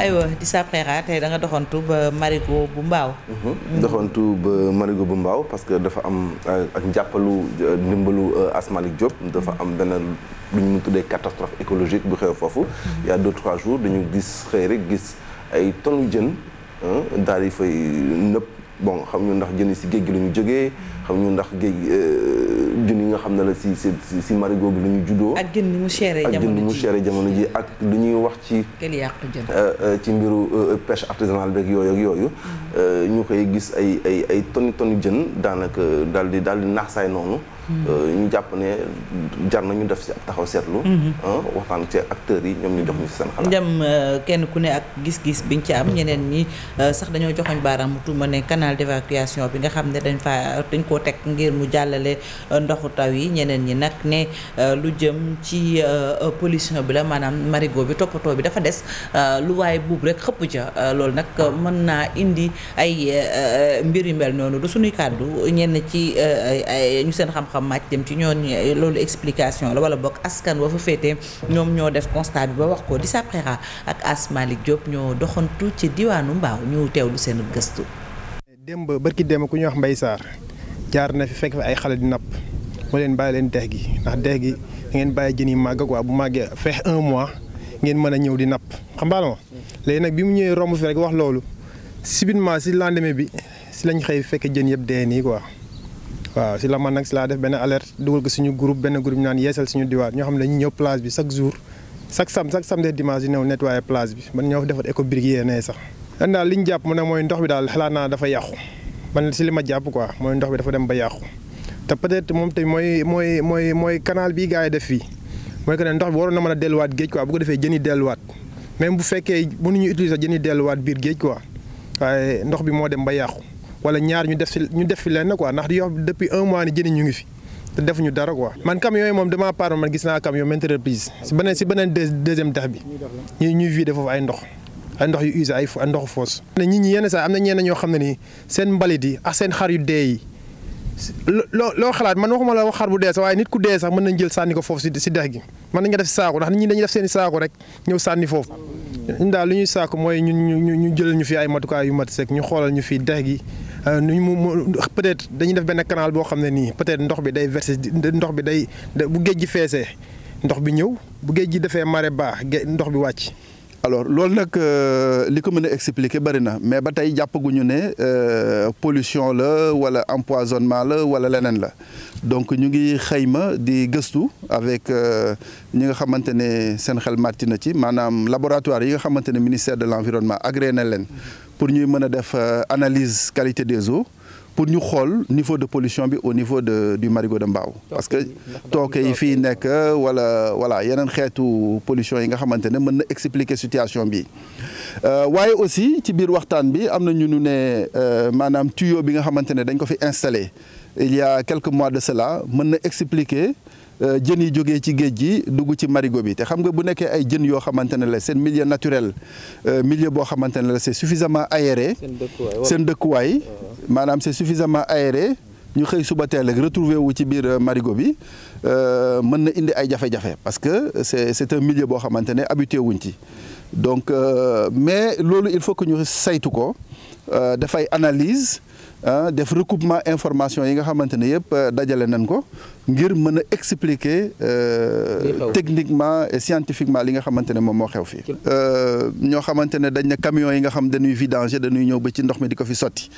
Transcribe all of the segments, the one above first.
aywa di sa préra tey da nga doxantu ba marigot bu mbaaw mhm. doxantu ba marigot bu mbaaw parce que dafa am euh, ak njàppalu euh, ndimbalu euh, Asmalik Diop dafa am benn lu ñu mun tuddee catastrophe écologique bu xew foofu mhm. il y a trois jours dañu gis xëy rek gis ay tonu jën daal di fay nëpp bon xam ñu ndax jën yi si géej gi la ñu jógee xam ñu ndax géej nga xam ne la si si si marigot bi la ñu juddoo. ak jën ni mu chéré jamono ji ak jën ñuy wax ci. kenn yàqu euh, euh, ci mbiru euh, peche artisanale beeg yooyu ak yooyu. Mm-hmm. ñu koy gis ay ay ay tonni tonni jën daanaka daal di daal di naax saay noonu. Euh, ñu jàpp ne jar na ñu def si ab taxaw seetlu. Mhm. Ah, waxtaan ci acteurs yi ñoom ñu jox euh, kenn ku ne ak gis-gis biñ ci am mhm. ñeneen ñi euh, sax dañoo joxoñ baaraam tuuma ne canal d'évacuation bi nga xam ne dañ fa dañ koo teg ngir mu jàllale ndoxu taw yi ñeneen ñi nag ne lu jëm ci pollution bi la maanaam marigot bi toppatoo bi dafa des lu waaye buub rek xëpp ja loolu nag ah. mën naa indi ay yu mel noonu ñu seen xam-xam. xam màcc dem ci ñooñu eh, loolu explication la wala bokk askan wa fa féetee ñoom ñoo def constat bi ba wax ko di Sapera ak Asmalik Diop ñoo doxantu ci diwaanu Mbaaw ñu teewlu seen gëstu. démb barki démb ku ñuy wax Mbay Saar jaar na fi fekk ay xale di nap mu leen bàyyi leen dex gi ndax dex gi da ngeen bàyyi jën yi màgg quoi bu màggee feex un mois ngeen mën a ñëw di napp xam nga ma léegi nag bi mu ñëwee romb fi rek wax loolu subitement si lendemain bi si lañ waaw si la man nag si laa def benn alerte dugal ko suñu groupe benn groupe ñu naan yeesal suñu diwaan ñoo xam ne dañuy ñëw plage bi chaque jour chaque sam chaque samedi dimanche yi ñëw nettoyer plage bi man ne sax dan daal li ñu jàpp mu ne mooy ndox bi daal xalaat naa dafa yàqu man si li ma jàpp quoi mooy ndox bi dafa dem ba yàqu te peut-être moom tamit mooy mooy mooy mooy canal bii gaa yi def fii mooy que ndox bi waroon na mën a delluwaat géej ko bu ko defee jën yi delluwaat même bu fekkee mënuñu utiliser jën yi delluwaat biir géej quoi waaye ndox bi moo dem ba yàqu wala ñaar ñu def si ñu def fi leen lenn ko ndax di yox depuis un mois ni jëni ñu ngi fi te defuñu dara quoi. man camion yi moom damaa part man gis naa camion maintes reprises si beneen si beneen deuxième dex bi ñuy ñuy vidé foofu ay ndox ay yu usé ay ndoxu foos. ne nit ñi yenn saa am na ñenn ñoo xam ne ni seen mbalit yi ak seen xar yu dee loo loo xalaat man waxuma la wax xar bu dee sax waaye nit ku dee sax mën nañ jël sànni ko foofu si si dex gi mën nañ ko def si saako ndax nit ñi saako rek ñëw sànni foofu daal li ñuy saako mooy ñun ñu ñu jëlal ñu fi ay matukaay yu mat sek ñu xoolal ñu fi dex gi Euh, nu mu peut-être dañuy def benn canal boo xam ne nii peut-être ndox bi day verser ndox bi day bu géej feesee ndox bi ñëw bu géej gi defee marée baax ndox bi wàcc. alors loolu nag euh, li ko mën a expliquer bari na mais ba tey jàppaguñu ne euh, pollution la wala empoisonnement la wala leneen la donc ñu ngi xëyma di gëstu avec ñu nga xamante ne seen xel màtti na ci maanaam laboratoire yi nga xamante ne ministère de l'environnement agréé na leen. pour ñuy mën a def euh, analyse qualité des eaux pour ñu xool niveau de polition bi au niveau de du marigot de Mbao parce que tooke yi fii nekk wala voilà yeneen xeetu pollution yi nga xamante ne mën na expliquer situation bi euh, waaye aussi ci biir waxtaan bi am na ñu nu ne euh, maanaam tuyau bi nga xamante ne dañ ko fi installé il y a mois de cela mën na expliquer Euh, jën yi jógee ci géej gi dugg ci marigo bi te xam nga bu nekkee ay jën yoo xamante ne la seen milieu naturel euh, milieu boo xamante ne la c'est suffisamment aéré seen dëkkuwaay maanaam c'est suffisamment aéré ñu xëy suba teel rek retrouver wu ci biir euh, marigo bi mën na indi ay jafe-jafe parce que c'est c'est un milieu boo xamante ne habitué wuñ ci donc mais loolu il faut que ñu saytu ko dafay analyse Ah, def recoupement information yi nga xamante ne yëpp euh, dajale nañ ko ngir mën a expliquer euh, techniquement et scientifiquement li nga xamante ne moom moo xew fii euh, ñoo xamante ne dañ ne camions yi nga xam dañuy vidanger dañuy ñëw ba ci ndox mi di ko fi sotti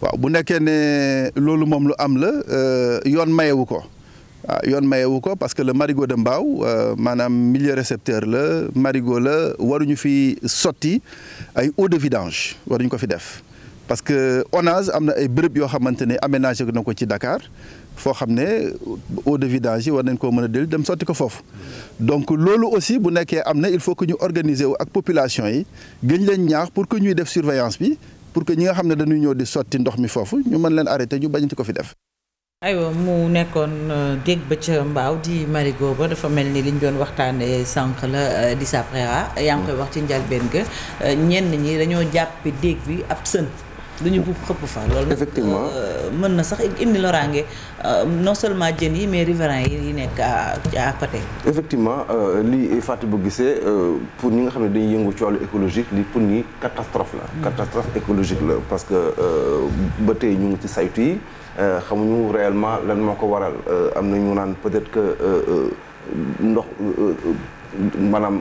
waaw bu nekkee ne loolu moom lu am la yoon mayewu ko waaw ah, yoon mayewu ko parce que le marigot de Mbao maanaam milieu récepteur la marigo la waruñu fi sotti ay eau de vidange waruñu ko fi def parce que ONAS am na ay bërëb yoo xamante ne aménagé na ko ci dakaar foo xam ne eau de vidange yi war nañ koo mën a dellu dem sotti ko foofu donc loolu aussi bu nekkee am na il faut que ñu organiser wu ak population yi gën leen ñaax pour que ñuy def surveillance bi pour que ñi nga xam ne dañuy ñëw di sotti ndox mi foofu ñu mën leen arrêté ñu bañati ko fi def. aywa mu nekkoon dégg ba ca mbaaw di marigot ba dafa mel nii liñ doon waxtaanee sànq la euh, di wax ci njalbeen ga euh, ñenn ñi dañoo jàppe dégg bi du ñu buub xëpp fa loolu effectivement euh, mën na sax indi loraange euh, non seulement jën yi mais riverains yi nekk à côté effectivement euh, li Fatou bu gisee pour ñi nga xam ne dañu yëngu ci écologique li pour ñi catastrophe la mm. catastrophe écologique la parce que ba tey ñu ngi ci saytu yi xamuñu réellement lan moo ko waral am na ñu naan peut-être que ndox maanaam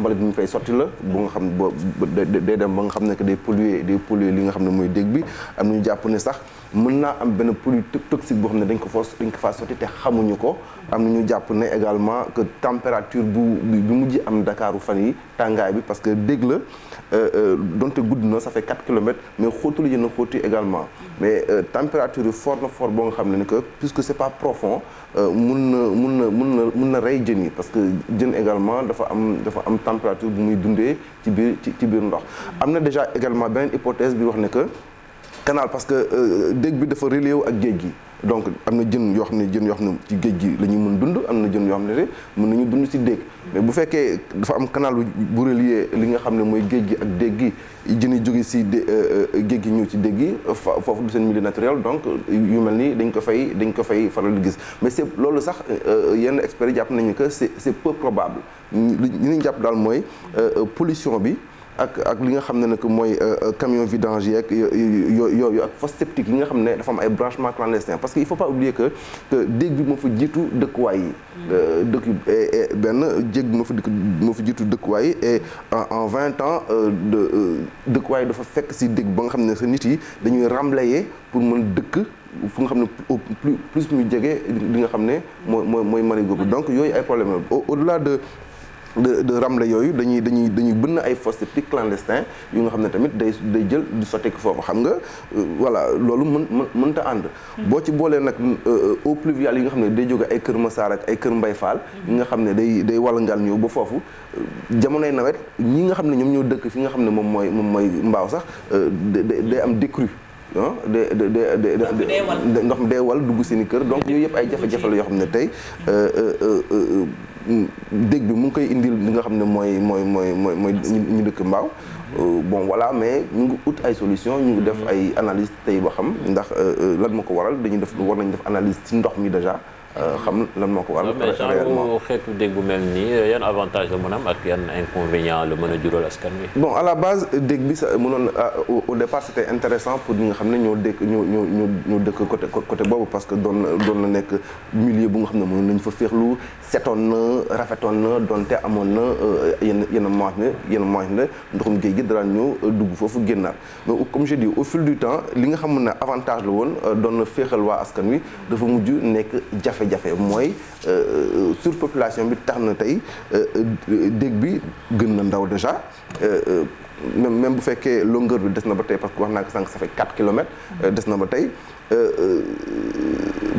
mbalit bi ñu fay sotti la bu nga xam ba day dem ba nga xam ne que day polluer day polluer li nga xam ne mooy dég bi am ñu jàpp ne sax mën naa am benn produit toxique boo xam ne dañ ko fa dañ ko faa sotti te xamuñu ko am na ñu jàpp ne également que température bu bi mujj am ndakaaru fan yi tàngaay bi parce que dégg la euh, euh, donte gudd na sa fait 4 mais mais lu yenn xóoti également mais euh, température yi foor na fort boo nga xam ne ni que puisque c'est pas profond mun na mun na mun na mun na rey jën yi parce que jën également dafa am dafa am température bu muy dundee ci biir ci biir ndox am na déjà également beneen hypothèse bi wax ne que canal parce que euh, déeg bi dafa relié wu ak géej gi donc am na jën yoo xam ne jën yoo xam ne ci géej gi la ñuy mën dund am na jën yoo xam ne mën nañu dund ci dégg mais bu fekkee dafa am canal bu relié li nga xam ne mooy géej gi ak déggi gi jën yi jóge si dé euh, euh, géej ci déeg gi foofu du seen milieu donc yu mel ni dañ ko fay dañ ko fay faral di gis mais c'est loolu sax yenn experts yi jàpp nañu que c'est c'est probable li ñu jàpp daal mooy pollution bi ak ak li nga xam ne nag mooy euh, euh, camion vidange yeeg yooyu ak fosse septique yi nga xam ne dafa am ay branchement clandestin parce que il faut pas oublier que dégg déeg bi moo fa jiitu dëkkuwaay yi mm. euh, dëkk benn jéeg bi moo fa jiitu dëkkuwaay yi vingt ans de dëkkuwaay dafa fekk si déeg ba nga xam ne sa nit yi dañuy remblayer pour mën dëkk fu nga xam ne plus plus mu jege li nga xam ne mooy mooy mooy mari googu mm. donc yooyu ay problème au delà de de de ramle yooyu dañuy dañuy dañuy bënn ay fosse septique clandestin yu nga xam ne tamit day day jël di sotti foofu xam nga euh, voilà loolu mën mën mënta ànd hmm. boo ci boolee nag euh, euh, eaux pluviales yi nga xam ne day jóge ay Kër ay Kër Mbay Faal yi nga xam ne day day wallangaan ñëw ba foofu jamonoy nawet ñi nga xam ne ñoom ñoo dëkk fi nga xam ne moom mooy moom mooy mbaaw sax day am décrue ah de de de de ndox mi day wal dugg seen i kër donc yooyu yëpp ay jafe-jafe la yoo xam ne tey dégg bi mu ngi koy indil li nga xam ne mooy mooy mooy mooy mooy ñu dëkk mbaaw euh, bon voilà mais mu ngi ut ay solution ñu ngi def ay analyse tey ba xam ndax euh, euh, lan ma ko waral dañu def war nañ def analyse ci ndox mi déjà xam lan moo ko waral. réellement xeetu dégg bu mel nii yan avantage la mën am ak yan inconvénient la mën a jural askan wi. bon à la base dégg bi sa mënoon ah, au départ c' était intéressant pour ñi nga xam ne ñoo dégg boobu parce que doon na doon na nekk milieu bu nga xam ne mënoon nañu fa féexlu setoon na rafetoon donte amoon na euh, yenn yenn mois ne yenn mois ne ndoxum géej gi dara ñëw euh, dugg foofu génnaat mais comme je dis au fil du temps li nga xam ne avantage la woon euh, doon na féexal waa askan wi dafa mujj nekk jafe jafe-jafe mooy euh, euh, population bi tax na tey euh, dég bi gën na ndaw déjà même même bu fekkee longueur bi des na ba tey parce que wax naa ko sànq ça fait 4 euh, des na ba tey euh, euh,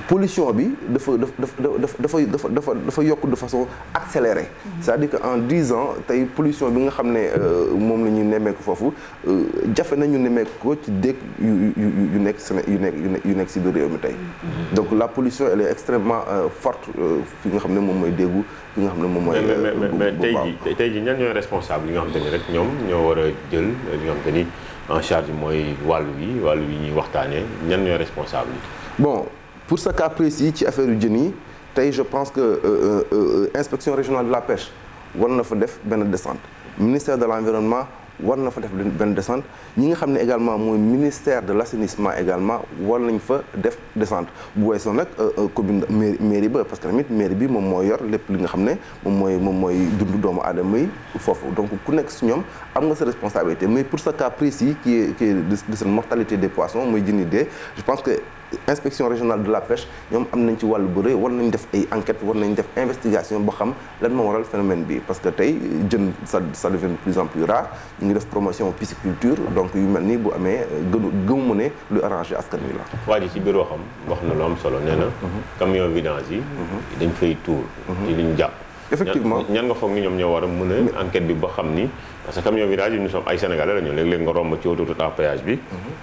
pollution bi dafa dafa dafa dafa dafa yokk de façon accélérée. Mhm. c'est-à-dire que en 10 ans tey polition bi nga xam ne moom la ñu nemmeeku foofu jafe nañu nemmeeku ko ci dëkk yu yu yu nekk yu nekk yu nekk si biir réew mi tey. Mhm. donc la polition elle est extrêmement forte fi nga xam ne moom mooy déggu fi nga xam ne moom mooy. mais mais mais tey jii tey jii ñan ñooy responsable yi nga xam te ne rek ñoom ñoo war jël li nga xam en charge mooy wàllu yi wàll yi ñuy waxtaanee ñan ñooy responsable yi. bon pour ce cas précis ci affaire yu jën yi tey je pense que euh, euh, euh inspection régionale de la pêche war na fa def benn descente ministère de l'environnement. war na fa def benn descente ñi nga xam ne également mooy ministère de l' assainissement également war nañ fa def descente bu weesoo nag euh, euh, commune mairie ba parce que mit mairie bi moom mooy yor lépp li nga xam ne moom mooy moom mooy dund doomu aadama yi foofu donc ku nekk si ñoom am nga sa responsabilité mais pour sa cas précis qui est qui est de cette mortalité des poissons muy jën yi dee je pense que inspection régionale de la pêche ñoom am nañ ci wàllu bu rëy war nañ def ay enquêtes war nañ def investigation ba xam lan moo waral phénomène bi parce que tey jën sa ça devient de plus en plus rare ñu ngi def promotion pisciculture donc yu mel nii bu amee gënu gëmu ne lu arrangé askan wi la. waa ji ci biir waxam wax na lu am solo nee na. Mhm. camion vidange yi. Mhm. dañ fay tuur. Mhm. ci liñ jàpp. effectivement ñan nga foog ni ñoom ñoo war a mën a enquête bi ba xam ni parce que camion virage yi nous sommes ay sénégalais bi mhm.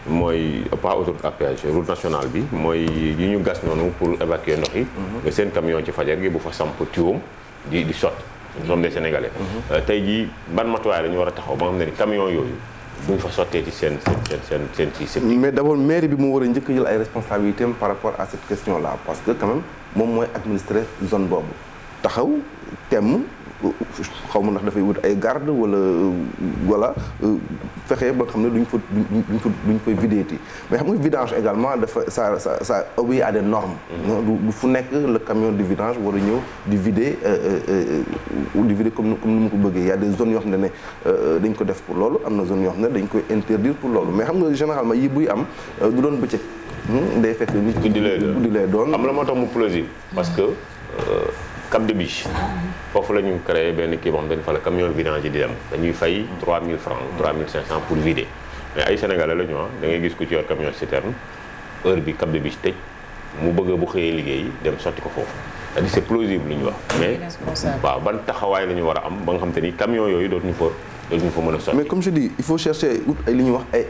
mooy pas autoroute à péage route pour évacuer ndox yi nga mhm. seen camion ci fajar gi bu fa samp tuum di di sotti nous sommes mhm. euh, jii ban matuwaay la ñu war a taxaw ba nga xam ne seen seen ci seen mais d'abord mairie war a njëkk jël ay par rapport à cette question parce que quand même moom mooy administrer zone boobu taxaw temm xaw ma ndax dafay wut ay garde wala wala fexe ba nga xam ne duñ fa duñ fa duñ fa vidéeti mais xam nga vidange également dafa ça ça ça obéit à des normes. Mm-hmm. du fu nekk le camion de vidange war a ñëw di vider euh, euh, euh, di vider comme comme ni mu ko bëggee y a des zones yoo xam ne ne dañ ko def pour loolu am na zone yoo xam ne dañ koy interdire pour loolu mais xam nga généralement yi buy am du doon bëccëg. Hmm, day fekk nit guddi lay doon guddi lay doon. am la moo tax mu plausible parce que. Cap de Biche foofu la ñu créé benn kii boo xam dañu fa la camion vidange yi di dem dañuy fay 3000 francs 3500 pour vider mais ay sénégalais la ñu ah da ngay gis ku ci yor camion citerne heure bi Cap de Biche tëj mu bëgg bu xëyee liggéey dem sotti ko foofu cest à plausible lu ñu wax mais waaw ban taxawaay la ñu war a am ba nga xam te ni camion yooyu dootuñu fa dootuñu fa mën a sotti mais comme je dis il faut chercher ay li wax ay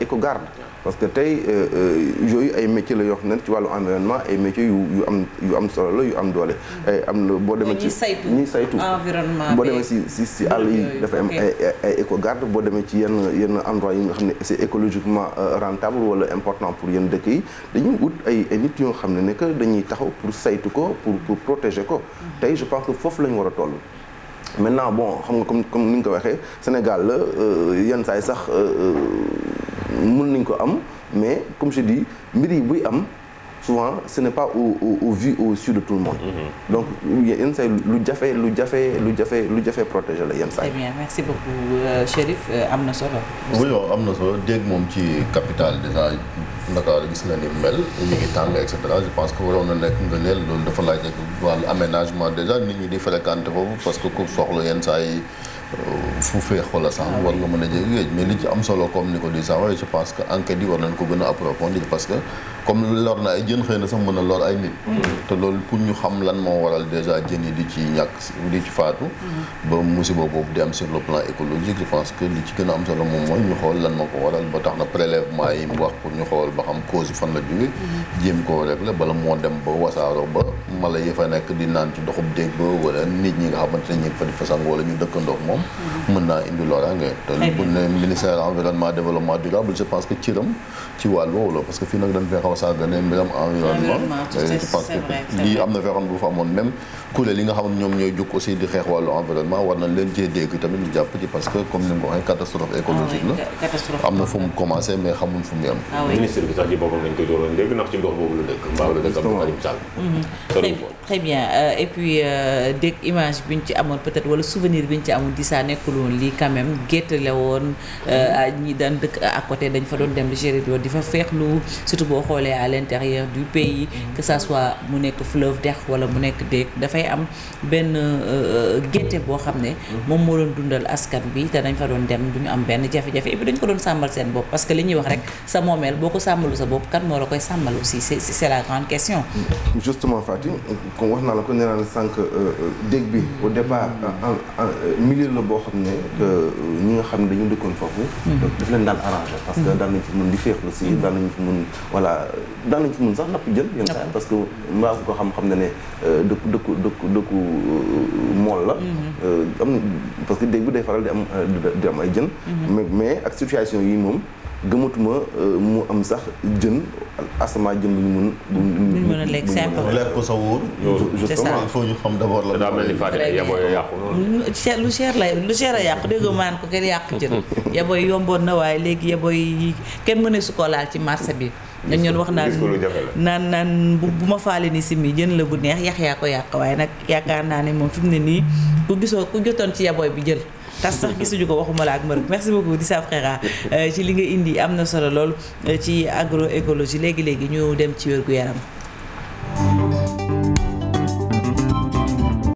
parce que tey euh, euh, yooyu ay métiers la yoo ne ci wàllu environnement ay métiers yu yu am yu am solo la yu am doole. ay mm. eh, am na boo demee ci ñi saytu environnement boo demee si si si àll yi dafa am ay ay éco boo demee ci yenn yenn endroit yi nga xam ne c'est écologiquement euh, rentable wala important pour yenn dëkk yi dañuy wut ay ay nit yoo xam ne ne que dañuy taxaw pour saytu ko pour pour protéger ko. Mm. tey je pense que foofu lañu war a toll. maintenant bon xam nga comme comme ni nga ko waxee Sénégal la yenn saay sax. mun nañ ko am mais comme je dis mbir yi buy am souvent ce n'est pas au au au vu au su de tout le monde. Mhm. donc yenn saa lu jafe lu jafe lu jafe lu jafe protéger la yenn saa yi. très bien merci beaucoup euh, Chérif euh, am na solo. dégg moom ci capitale déjà Ndakaar gis na ni mel ñu ngi tàng et je pense que waroon na nekk nga ne loolu dafa laaj rek wàllu aménagement déjà nit ñi di fréquenter foofu parce que ku soxla yenn saa yi. fu féexoo la sax war nga mën a jéggi géej mais li ci am solo comme ni ko di sax waaye je pense que enquête yi war nañ ko gën a approfondir parce que comme lor na ay jën xëy na sax mën a lor ay nit mm. te loolu pour ñu xam lan moo waral déjà jën yi di ci ñàkk di ci faatu mm-hmm. ba musiba boobu di am sur le plan écologique je pense que li ci gën a am solo moom mooy ñu xool lan moo ko waral ba tax na prélèvement yi mu wax pour ñu xool ba xam cause fan la jóge mm-hmm. jéem koo régler moo dem ba wasaaroo ba mala yi fa nekk di naan ci doxub déeg ba nit ñi nga xamante ne ñi fa di dëkkandoo moom moom mën naa indi loraange te bu ne ministère environnement développement durable je pense que ciram ci wàll woowu parce que fii nag dañ fee xaw a mbiram environnement lii am na fee xam ne bu fa amoon même kuréel yi nga xam ñoom ñooy jóg aussi di xeex wàllu environnement war nañ leen cee dégg tamit ñu jàpp ci parce que comme ni nga ko catastrophe écologique la ah am na fu mu commencé mais xamuñ fu mu yem ah ministre bi sax ci boppam dañ ça nekkul woon lii quand même gétt la woon euh, ñi daan dëkk à coté dañ fa doon dem di gérer di fa feexlu surtout boo xoolee à l'intérieur du pays que ça soit mu nekk fleuve dex wala mu nekk déeg dafay am benn euh, gétte boo xam ne moom moo doon dundal askan bi te dañ fa doon dem duñu am benn jafe-jafe et dañ ko doon sàmmal seen bopp parce que li ñuy wax rek sa moomeel boo ko sàmmalu sa bopp kan moo la koy sàmmal aussi c'est c'est la grande question justement Fatim comme wax ko nee naa la sànq euh, déeg bi au départ en milieu la boo xam ne ñu nga xam ne dañu dëkkoon foofu mhm. daf leen daan arrangé parce que mhm. daan nañ fi mun di féex si mhm. daan nañ fi mun voilà daan nañ fi mun sax napp jën yenn saa parce que mbaa ko xam xam ne ne euh, dëkku dëkku dëkku dëkku euh, mool la euh, am parce que dégg bu day faral di am di am ay jën mais ak situation yi moom gëmatuma mu am sax jën asama jën bu ñu mun. bu ñu mën a lekk simple lekk sa wóor. justement il faut ñu xam la. daa mel ni Fatick lu cher lay lu cher a yàqu déggoo maan ko kenn yàq jën. yaboo yomboon na waaye léegi yaboo yi kenn mënee su ko ci marché bi. dañ ñoon wax naan naan naan bu ma faale ni simi jën la bu neex yax yaa ko yàq waaye nag yaakaar naa ne moom fi mu ne nii ku gisoo ku jotoon ci yabooy bi jël tas sax gisuñu ko waxuma la ak mër merci beaucoup Dissa Frera euh, ci li nga indi am na solo lool euh, ci agro agroécologie léegi léegi ñu dem ci wér gu yaram.